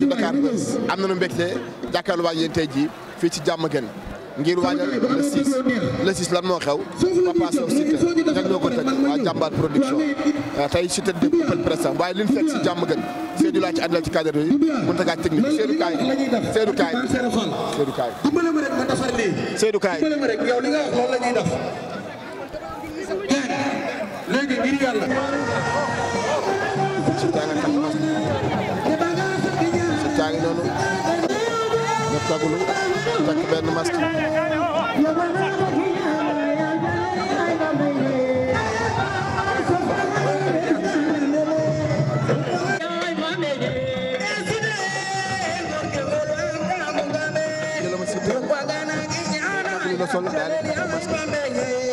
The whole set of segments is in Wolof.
ci Dakar Buzz am nañu mbégte jàkkaarloo ak yéen tey jii fii ci jàmm gën ngir waajal le 6 lan moo xew Papa Sow Siteu ñan ñoo ko teg waa jàmbaar production tey Siteu def open press waaye li ñu fekk jàmm gën Seydou laa ci àndal ci cadre yi mën ta gaa technique Seydou Kaay Seydou Kaay yaa ngi noonu nga tagulu takk benn masque jëlama si biir tagulu la sol daal masque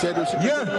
said she yeah.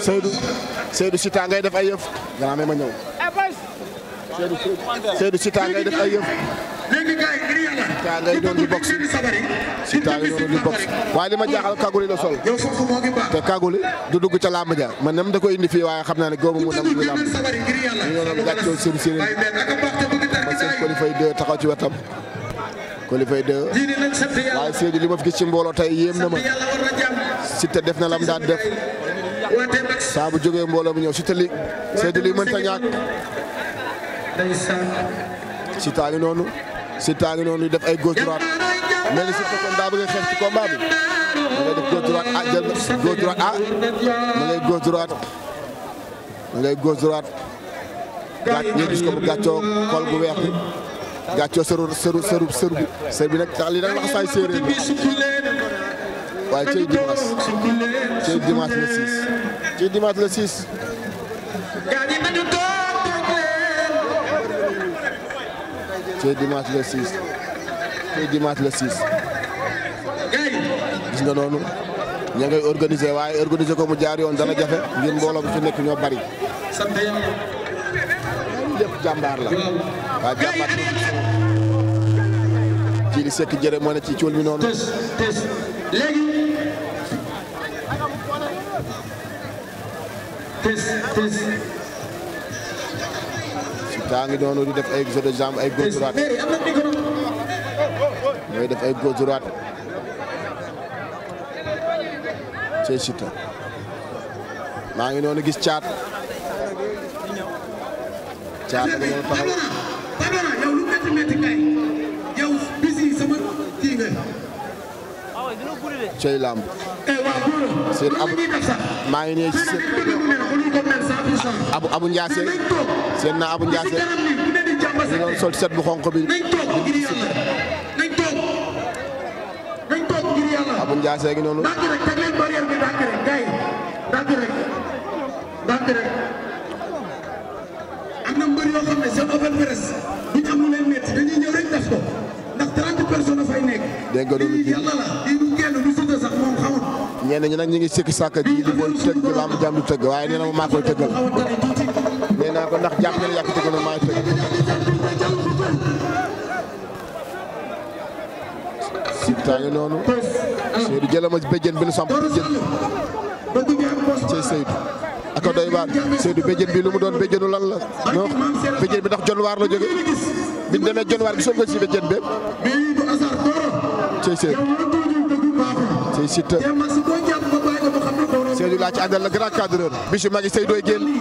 Seydou Seydou Sita ngay def ay yëf gannaaw may ma ñëw. Seydou Seydou ngay def ay yëf. Sita ngay doon di box Sita ngay doon waaye li ma jaaxal kaguli la sol te kaguli du dugg ca làmb ja man nam da koy indi fii waaye xam naa ne góobu mu nam du làmb ñu ngi doon gàccoo seen séeréer ma seen kolifay deux taxaw ci wetam waaye Seydou li ma fi gis ci mbooloo te yéem na ma Sita def na lam daan def. saabu bu jógee mbooloo mu ñëw si tëli seeti li mënta ñàkk si taangi noonu si taangi noonu def ay gauche droite mel ni si fekkoon daa bëgg a xeex ci combat bi ngay def gauche droite ah jël gauche droite ah. ngay gauche droite da ngay gauche droite gàc ñu gis ko bu gàccoo xol gu weex bi gàccoo sëru sëru sëru sër bi nag tax waaye cey dimanche cey la le 6 cey dimanche le 6. cey dimanche le 6 cey dimanche le 6 gis nga noonu ña ngay organise waaye organiser ko mu jaar yoon dana jafe ngir mbooloo fi nekk ñoo bari. lépp jàmbaar la waa jàmbaar ci li sekk jëre moo ne ci cool mi noonu léegi tis tis. ngi noonu di def ay jeu de jambe ay gauche def ay gauche droite. c'est Siteu. maa ngi noonu gis caat. caat bi noonu taxaw. cey làmb seen ab maa ngi ne seen abu abu Ndiasse seen na abu Ndiasse ñu doon sol set bu xonq bi abu Ndiasse gi noonu am na mbër yoo xam ne seen open presse bu ñu am lu leen métti dañuy ñëw rek def ko ndax 30 personnes dafay nekk. dégg nga loolu yàlla la ñenn ñi nag ñu ngi sikki sàkk ji di koy tëgg lamb jàmm du tëgg waaye nee na ma maa koy tëggal nee naa ko ndax jàpp ngeen yàq tëgg na maa ngi tëgg sibtaa ngi noonu Seydou jëlama béjjën bi nu samp jën cey Seydou ak doy waar Seydou béjjën bi lu mu doon béjjënu lan la non béjjën bi ndax jon waar la jóge bi mu demee jon waar gisoon nga si béjjën bi cey Seydou Sey Siteu Seydou laa ci àndal la grand cadreur bisu magi Seydou ay génn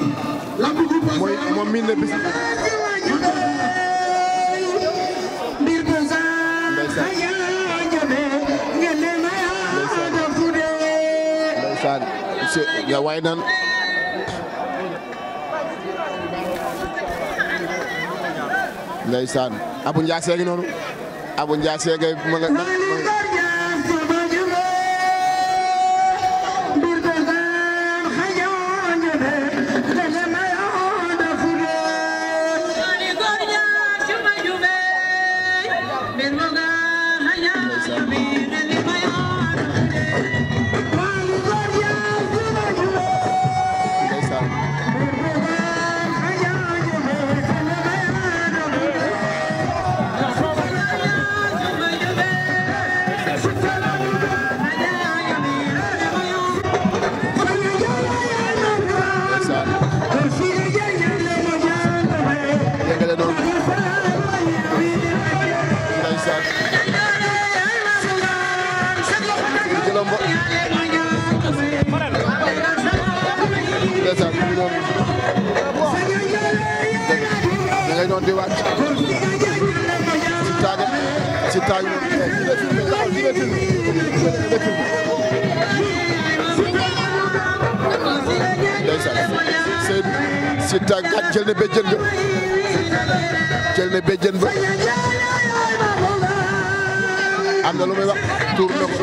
mooy moom miin na bis. ndeysaan ndeysaan waaye naan Abu Ndiaye seegi noonu Abu Ndiaye seegi ma nga. Siteu ak Ngagne jël na béjjën ba jël na béjjën ba am na lu muy wax tuur na ko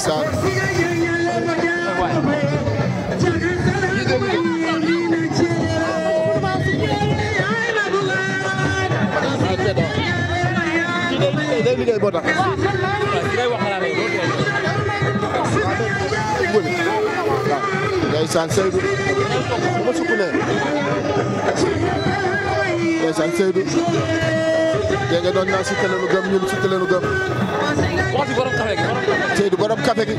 Saan moo tax. ndeysaan Seydou bu ma sukk nee ndeysaan Seydou dégg nga doon naa sukk leen gëm ñun sukk leen gëm Seydou borom café gi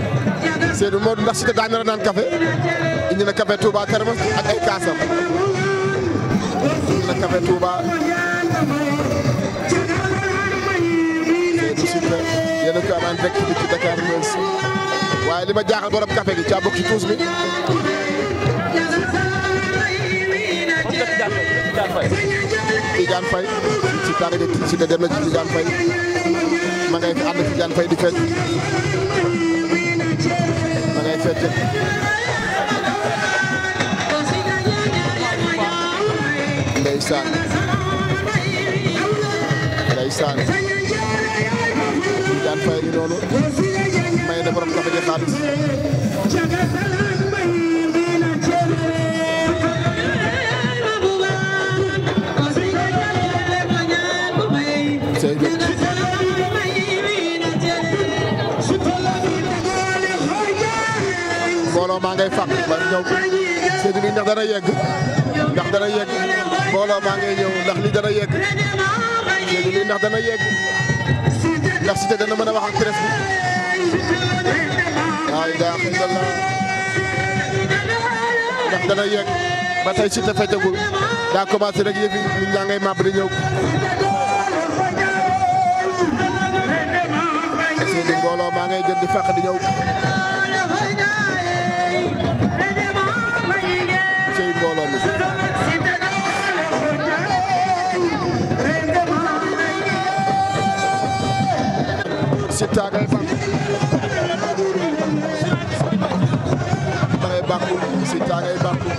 Seydou moo ndax sukk daa nar a naan café indi na café Touba Termes ak ay kaasam indi na café Touba na yéen a ko am ci Dakar News waaye li ma jaaxal borom café gi caa bokk ci tuus bi. Tidiane Faye ci tari de ci ma ngay fi ànd Tidiane Faye di fecc ma ngay fecc ndeysaan Jaan Fay ngi noonu may na borom kafe ji xaalis mbooloo maa ngay fàq ba ñëw sédd bi ndax dana yegg ndax dana yegg mbooloo maa ngay ñëw ndax li dana yegg sédd bi ndax dana yegg ndax Siteu dana mën a wax ak presse bi waaye daa xam ndax dana yegg ba tey Siteu feccagul daa commencé rek yëf yi ñun ñaa ngay màbb di ñëw. est-ce que mbooloo maa ngay jël di fàq di ñëw. caagay Bakul caagay Bakul si caagay Bakul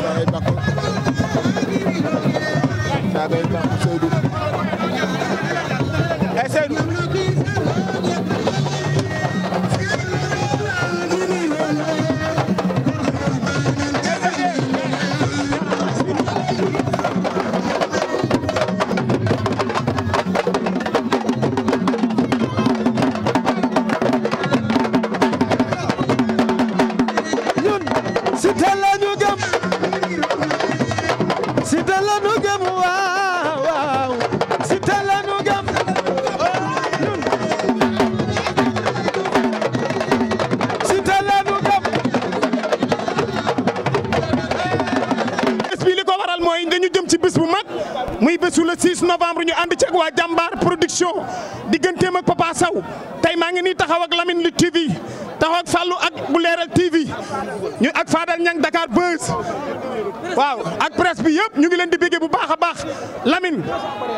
caagay Bakul caagay Bakul Seydou. Siteu la ñu li ko waral mooy dañu jëm ci bés bu mag muy bésu le novembre ñu ànd ci ak waa Jàmbaar production digganteem ak Papa Sow tey maa ngi nii taxaw ak Lamine Lutte TV taxaw ak Fallou bu leeral TV ñu ak Fadal Ñang Dakar Buzz waaw ak presse bi yëpp ñu ngi leen di béggee bu baax a baax Lamine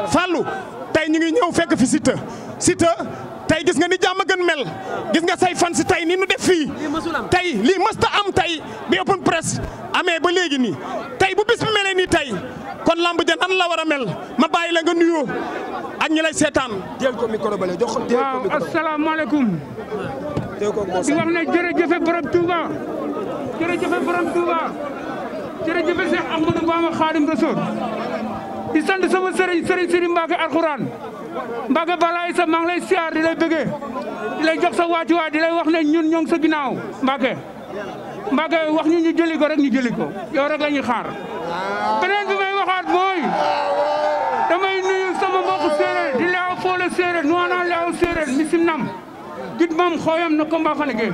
Fallou tey ñu ngi ñëw fekk fi sita Siteu tey gis nga ni jàmm gën mel gis nga say fan si tey ni nu def fii tey lii mësta am tey bi open press amee ba léegi nii tey bu bis bi melee nii tey kon lamb ja nan la war a mel ma bàyyi la nga nuyoo ak ñi lay seetaan. jël ko micro ba jox ko waaw asalaamaaleykum. di wax ne jërëjëfe borom Touba jërëjëfe borom Touba jërëjëfe Cheikh Ahmadou Bamba Khadim Rasoul di sant sama sëriñ sëriñ sëriñ Mbacke alxuraan Mbacke balaay sa maa ngi lay siyaar di lay bëggee di lay jox sa waajuwaay di lay wax ne ñun ñoo sa ginnaaw Mbacke Mbacke wax ñu ñu jëli ko rek ñu jëli ko yow rek la xaar ah. beneen bi may waxaat mooy damay nuyu sama mbokku séeréer di laaw foole séeréer nuwaanaa laaw séeréer misim nam gidmam hoyamno combat fanege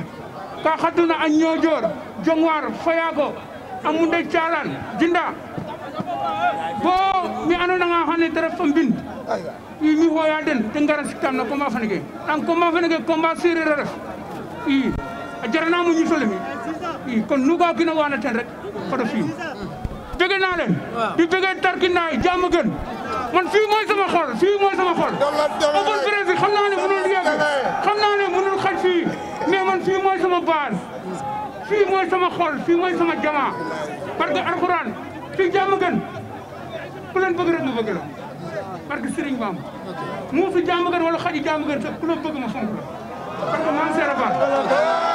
ka hatuna a ñoojor jongwar fayago a munde jinda bo mi andonanga xane te ref fo mbin i mi xooya te ngara siktam no combat fanege yaam combat fanege combat sereer a ref i a jarana mo mi i kon nu ga kina wana rek fada fiim bege na len i bege tarkinay jama man fii mooy sama xol fii mooy sama xol. open presse bi xam naa ne mënul yegg xam naa ne mënul xaj fii mais man fii mooy sama baal fii mooy sama xol fii mooy sama jamaa parce que alxuraan fii jàmm gën ku leen bëgg rek ma bëgg la parce que muusu jàmm gën xaji jàmm sax ku bëgg ma fonk la parce que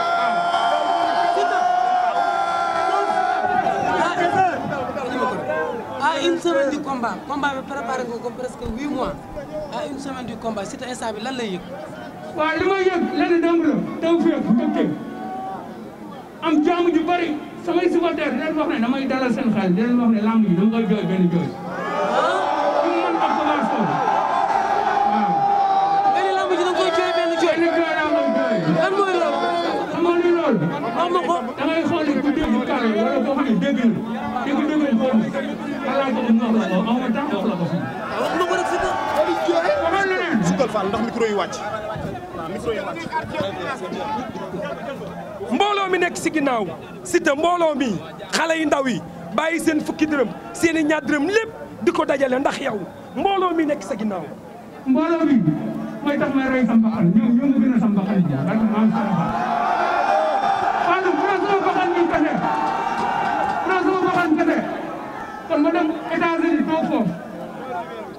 semaine du combat combat bi préparé nga ko presque huit mois à une semaine du si te instant bi lan lay yëg. waaw li may yëg lenn dong la taw fépp tëkkee am jaamu ju bari samay supporters di leen wax ne damay dalal seen xaalis di leen wax ne lamb ji dama koy jooy benn jooy. Ah. da ngay xool guddi gi kàlla wala boo na dégg dégg balaa ñu wax la mbooloo mi nekk si ginnaaw Siteu mbooloo mi xale yu ndaw yi bàyyi seen fukki dërëm seen i ñaar lépp di ko dajale ndax yow mbooloo mi nekk sa ginnaaw. mbooloo mi mooy tax may rey Samba Xal ñoom ñoo ma gën a Samba Xal ñoom tax ma dem États-Unis toog foofu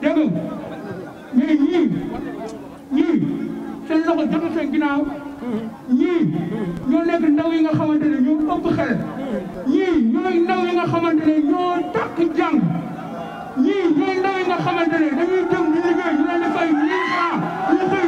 dégg nga ñii ñii seen loxo jotul ñii ñoo nekk ndaw yi nga xamante ne ñoo ëpp ñii ñooy ndaw yi nga xamante ne ñoo takk jàng ñii ñooy ndaw yi xamante ne dañuy dem ñu liggéey ñu leen di fay mille francs ñu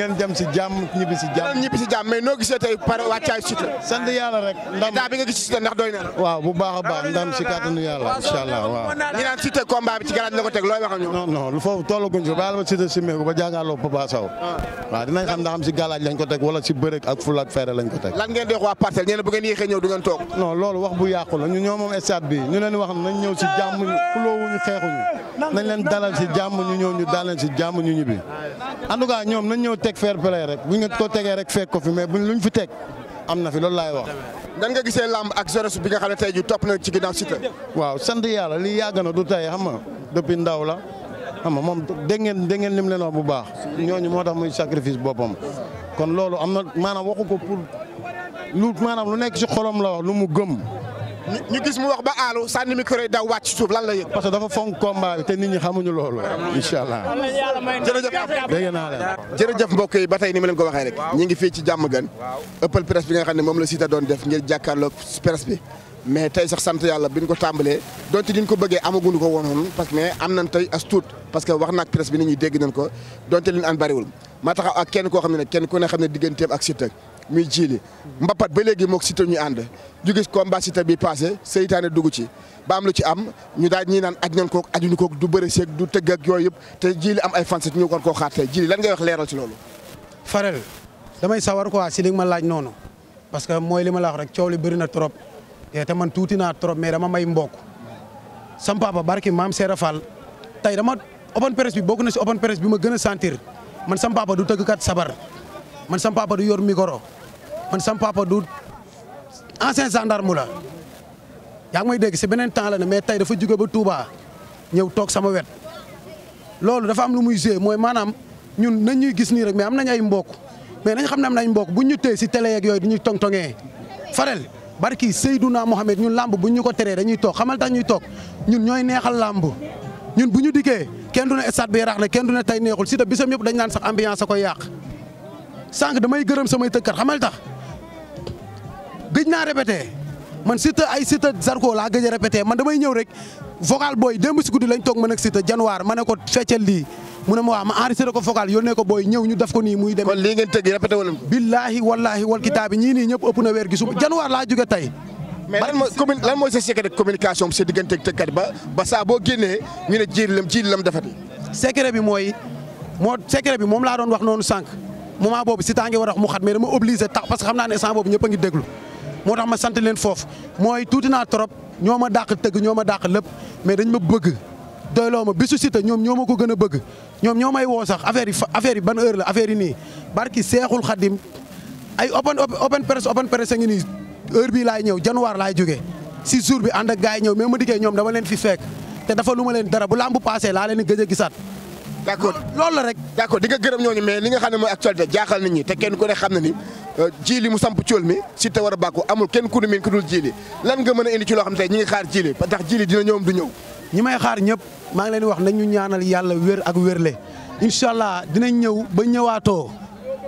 ngeen jëm si jàmm si jàmm ñibbi si jàmm mais a lañ ko si bërëk ñu ñoo ñu leen si jàmm xuloowuñu xeexuñu nañ dalal si jàmm ñu ñëw ñu daal si jàmm ñu ñibbi teg fair play rek buñ ko tegee rek fekk ko fi mais buñ luñ fi teg am na fi loolu laay wax. nan nga gisee làmb ak Zoros bi nga tey jii topp na ci ginnaaw Siteu. waaw sant yàlla lii yàgg na du tey xam nga ndaw la xam nga moom dégg ngeen dégg ngeen lim leen wax bu baax ñooñu moo tax muy sacrifice boppam kon loolu am na maanaam waxu ko lu maanaam lu nekk si xolam la wax lu mu gëm. ñu gis mu wax ba aalu sànni micro yi daw wàcc suuf lan la yëg. parce que dafa fonk combat bi te nit ñi xamuñu loolu. incha allah jërëjëf. naa la jërëjëf mbokk yi ba tey ni ma leen ko waxee rek. ñi ngi fii ci jàmm gan. ëppal presse bi nga xam ne moom la Siteu doon def ngir jàkkaarloog presse bi. mais tey sax sant yàlla bi ñu ko tàmbalee donte li ko bëggee amaguñu ko wonoon parce que mais am nañ tey as tuut parce que wax naag presse bi nit ñi dégg nañ ko donte li ñu an bariwul maa taxaw ak kenn koo xam ne kenn ku ne xam ne digganteem ak muy jiili mbapat ba léegi mook Siteu ñu ànd ju gis combat Siteu bi passé seytaane dugg ci ba am lu ci am ñu daal ñi naan aj nañ kook nu kook du bëre seeg du tëgg ak yooyu yëpp te jiili am ay fans ñu war koo xaar tey jiili lan ngay wax leeral ci loolu Farel damay sawar ko si li ma laaj noonu parce que mooy li ma la wax rek coow li bëri na trop eh, te man tuuti naa trop mais dama may mbokk sam papa barki maam Seera Fall tey dama open presse bi bokk na si open presse bi ma gën a sentir man sam du tëggkat sabar man sam papa du yor micro man sam papa du ancien gendarme la yaa ngi may dégg si beneen temps la ne mais tey dafa jóge ba Touba ñëw toog sama wet loolu dafa am lu muy joué mooy maanaam ñun nañ ñuy gis nii rek mais am nañ ay mbokk mais nañ xam ne am nañ mbokk bu ñu téye si télé yeeg yooyu du ñuy tongtongee Farel barki Seydouna Mohamed ñun làmb buñ ñu ko teree dañuy toog xamal tax ñuy toog ñun ñooy neexal làmb ñun bu ñu diggee kenn du ne stade bi yaraax na kenn du na tey neexul si te bisam yëpp dañ naan sax ambiance a koy yàq sànq damay gërëm samay tëkkat xamal tax gëj naa répété man Siteu ay Siteu Zarko laa gëj a répété man damay ñëw rek vocal booy démb si guddi lañ toog man ak Siteu januar ma ne ko feccal lii mu ma waa ma enregistré ko vocal yónnee ko booy ñëw ñu def ko nii muy demee. kon lii ngeen tëgg répété wala. billaahi wallaahi wal kitaabi ñii nii ñëpp ëpp na weer gisu januar laa jóge tey. mais bi saa boo génnee ñu ne jiir lam jiir lam defati. bi mooy moo secret bi moom laa doon wax noonu sànq moment boobu a wax mu xat mais dama obligé boobu ñëpp moo tax ma sant leen foofu mooy tuuti naa trop ñoo a dàq tëgg ñoo ma dàq lépp mais dañ ma bëgg doyloo ma bisu Siteu ñoom ñoo ma ko gën a bëgg ñoom ñoo may woo sax affaire yi affaire yi ban heure la affaire yi nii barki seexul xadim ay open open press open press a ngi nii heure bii laay ñëw januwaar laay jógee si jour bi ànd a gars yi ñëw mais ma dikkee ñoom dama leen fi fekk te dafa lu ma leen dara bu lamb bu paasee laa leen gëj a gisaat d' accord loolu la rek d' accord di gërëm ñooñu mais li nga xam ne mooy actualité jaaxal nit ñi te kenn ku ne xam ni Euh, jiili mu samp cóol mi Siteu war a bàkku amul kenn ku ne miin ku dul jiili lan nga mën a indi ci loo xam ne tey ñi ngi xaar jiili ba tax jiili dina ñëwam du ñëw may xaar ñëpp maa ngi leen wax nañu ñaanal yàlla wér ak wérle incha allah dinañ ñëw ba ñëwaatoo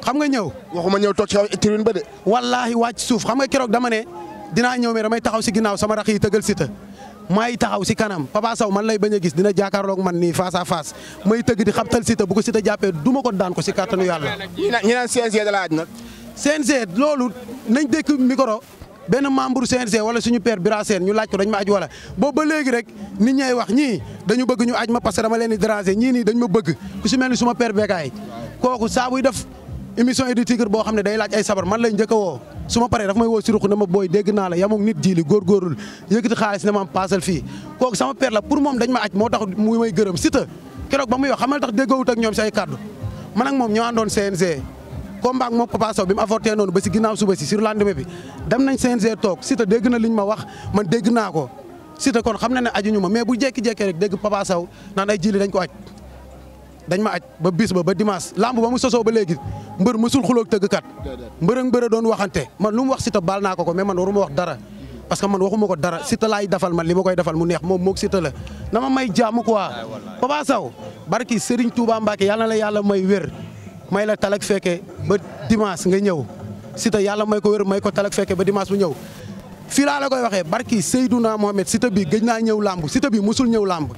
xam nga ñëw waxuma ñëw toog ci kaw tribune ba de wallaahi wàcc suuf xam nga keroog dama ne dinaa ñëw mais damay taxaw si ginnaaw sama rax yi tëgal Siteu may taxaw si kanam Papa Sow man lay bañ a gis dina jàkkaarloog man nii face à face may tëgg di xabtal Siteu bu ko Siteu jàppee du ma ko daan ko si kàttanu yàlla ñi naan CNG da la aj nag CNG loolu nañ dëkk micro benn membre CNG wala suñu père Bira Sène ñu laaj ko dañ ma aj wala boobu ba léegi rek nit ñay wax ñii dañu bëgg ñu aj ma parce que dama leen di déranger ñii nii dañ ma bëgg ku si mel ni suma père Bekaay kooku saa buy def émission yi boo xam ne day laaj ay sabar man lay njëkk woo su ma paree dafa may woo suruq na ma booy dégg naa la yamook nit ji li góorgóorlu yëkkati xaalis ne ma am paasal fii kooku sama père la pour moom dañ ma aj moo tax muy may gërëm si ba muy wax xamal tax déggoowut ak ñoom si kàddu man moom ñoo àndoon CNG combat ak moom Papa Sow bi mu avorté noonu ba si ginnaaw suba si sur lendemain bi dem nañ CNG toog Siteu dégg na liñ ma wax man dégg naa ko Siteu kon xam na ne ñu ma mais bu jékki-jékki rek dégg Papa Sow naan ay dañ ko aj dañ ma aj ba bis ba ba dimanche lamb ba mu sosoo ba léegi mbër mësul xuloog tëgg kat ak mbër a doon waxante man lu mu wax Siteu baal naa ko ko mais man waruma wax dara parce que man waxuma ko dara Siteu laay defal man li ma koy defal mu neex moom moog Siteu la na ma may jaamu quoi Papa Sow barki Serigne Touba yàlla la yàlla may wér may la talak fekke ba dimanche nga ñëw Siteu yàlla may ko wér may ko talak fekke ba dimanche bu ñëw fii laa la koy waxee barki Seydouna Mohamed Siteu bi gëj naa ñëw làmb Siteu bi musul ñëw làmb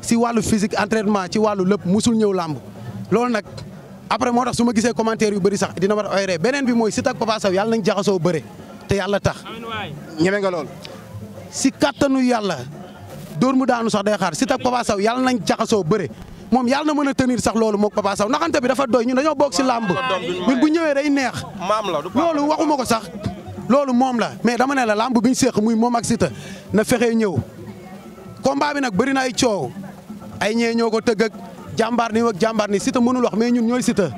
si wàllu physique entraînement ci wàllu lépp musul ñëw làmb loolu nag après moo tax su ma gisee commentaire yu bëri sax dina ma oy ree beneen bi mooy Siteu ak Papa Sow yàlla nañ jaxasoo bëre te yàlla tax ñeme nga loolu si kattanu yàlla dóor mu daanu sax day xaar Siteu ak Papa Sow yàlla nañ jaxasoo bëre moom yàlla na mën a tenir sax loolu moog Papa Sow naxante bi dafa doy ñun dañoo bokk si làmb ñun bu ñëwee day neex loolu waxuma ko sax loolu moom la mais dama ne la làmb bi ñu séq muy moom ak Siteu na fexe ñëw combat bi nag bëri na coow ay ñee ñoo ko tëgg ak jàmbaar ni ak jàmbaar ni Siteu mënul wax mais ñun ñooy Siteu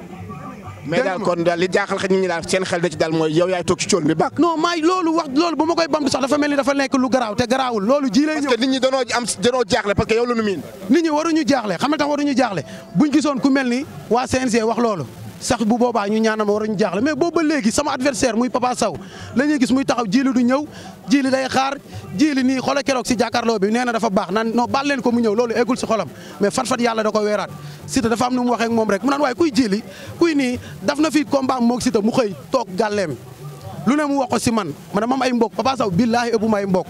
mais daal kon daal li jaaxal xëy ñi daal seen xel da ci daal mooy yow yaay toog ci coon bi bàq. non maay loolu wax loolu ba ma koy bamtu sax dafa mel ni dafa nekk lu garaaw te garaawul loolu ji lay ñëw nit ñi danoo jaaxle parce que yow miin. nit ñi waruñu jaaxle xam tax waruñu jaaxle buñ gisoon ku mel ni waa CNG wax loolu sax bu boobaa ñu ñaanal ma war ñu jaaxle mais boobu ba léegi sama adversaire muy Papa Sow la ñuy gis muy taxaw jiili du ñëw jiili day xaar jiili nii xoolal keroog si jàkkaarloo bi nee na dafa baax naan non baal ko mu ñëw loolu eggul si xolam mais fat fat yàlla da ko weeraat Siteu dafa am nu mu waxee ak moom rek mu naan waaye kuy jiili kuy nii daf na fi combat moog ta mu xëy toog gàlleem lu ne mu wax ko si man man dama am ay mbokk Papa Sow billaahi ëpp ma ay mbokk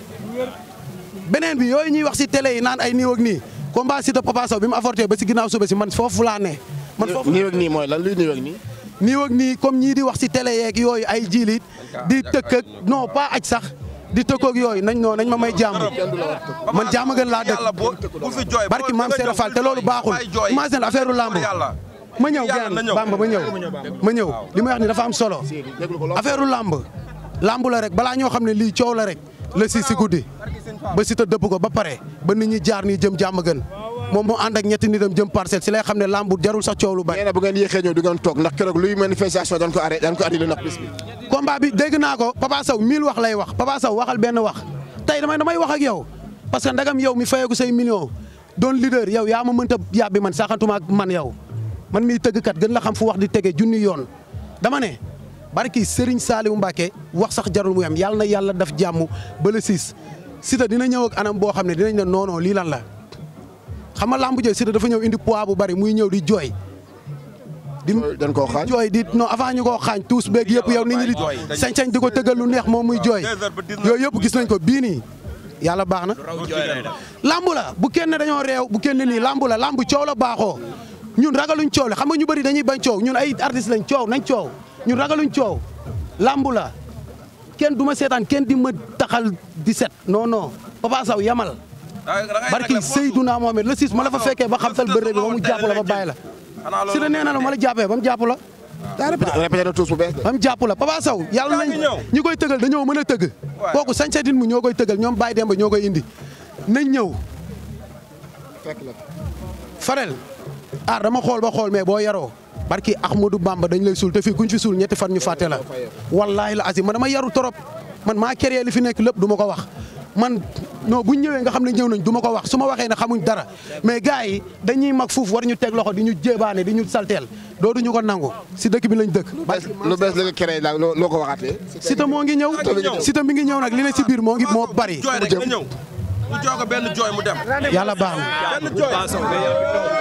beneen bi yooyu ñuy wax si télé yi naan ay nii ak nii combat Siteu Papa Sow ba si ginnaaw suba si man foofu laa ne man foofu nii nii mooy lan luy nii ak nii. nii ak nii comme ñii di wax si télé yeeg yooyu ay jiilit di tëkk ak non pas aj sax di tëkkoog yooyu nañ noo nañ ma may jàmm man jàmm gën laa dëkk barki maam Seera Fall te loolu baaxul imagine affaire lamb ma ñëw gaan bamba ma ñëw ma ñëw li may wax ni dafa am solo affaire lamb lamb la rek balaa ñoo xam ne li coow la rek la si si guddi ba si ta dëpp ko ba pare ba nit ñi jaar nii jëm jàmm gën moom moo ànd ak ñetti nitam jëm parcelle si lay xam ne lambu jarul sax coow lu bari. nee na bu ngeen yéexee ñëw du ngeen toog ndax keroog luy manifestation dañ ko arrêté dañ ko arrêté nag bis bi. combat bi dégg naa ko Papa Sow mille wax lay wax Papa Sow waxal benn wax tey damay damay wax ak yow parce que ndagam yow mi fayeeku say million doon leader yow yaa ma mënta yàbbi man saxantuma ak man yow man miy tëggkat gën la xam fu wax di tege junni yoon dama ne barki Serigne Saliou Mbacke wax sax jarul mu yam yàlla na yàlla daf jàmm ba le six Siteu dina ñëw ak anam boo xam ne dinañ ne non non lii lan la xam nga làmb jooy Siteu dafa ñëw indi poids bu bari muy ñëw di jooy. di dañ koo xaañ jooy di non avant ñu koo xaañ tuus beeg yëpp yow nit ñi di sañ-sañ ko tëggal lu neex moom muy jooy yooyu yëpp gis nañ ko bii nii yàlla baax na. làmb la bu kenn dañoo reew bu kenn nii làmb la làmb coow la baaxoo ñun ragaluñ coow la xam nga ñu bëri dañuy bañ coow ñun ay artistes lañ coow nañ coow ñun ragaluñ coow làmb la kenn du ma seetaan kenn di ma taxal di set non non Papa Sow yamal. barki Seydunaa Mohamed le six ma la fa fekkee ba xamtal bërre bi ba mu jàpp la ba bàyyi la si la nee na la ma la jàppee ba jàpp la daa bu bees ba mu jàpp la Papa Sow yàlla nañ ñi koy tëgal dañoo mën a tëgg kooku sañcatin mu ñoo koy tëgal ñoom baay Demba ñoo koy indi nañ ñëw farel aar ah, dama xool ba xool mais boo yaroo barki Ahmadou Bamba dañ lay suul te fii kuñ fi suul ñetti fan ñu fàtte la wallaahi la asi man dama yaru torop man maa créé li fi nekk lépp du ma ko wax man non bu ñëwee nga xam ne ñëw nañ du ma ko wax su ma waxee ne xamuñ dara mais gars yi dañuy mag fuuf war ñu teg loxo di ñu jébaane di ñu salteel dootu ñu ko nangu si dëkk bi lañ dëkk. lu bees la nga créé daal loo ko waxaatee. Siteu moo ngi ñëw Siteu mi ngi ñëw nag li ne si biir moo ngi moo bari. jooy rek nga ñëw mu jox ko benn jooy mu dem. yàlla baax na.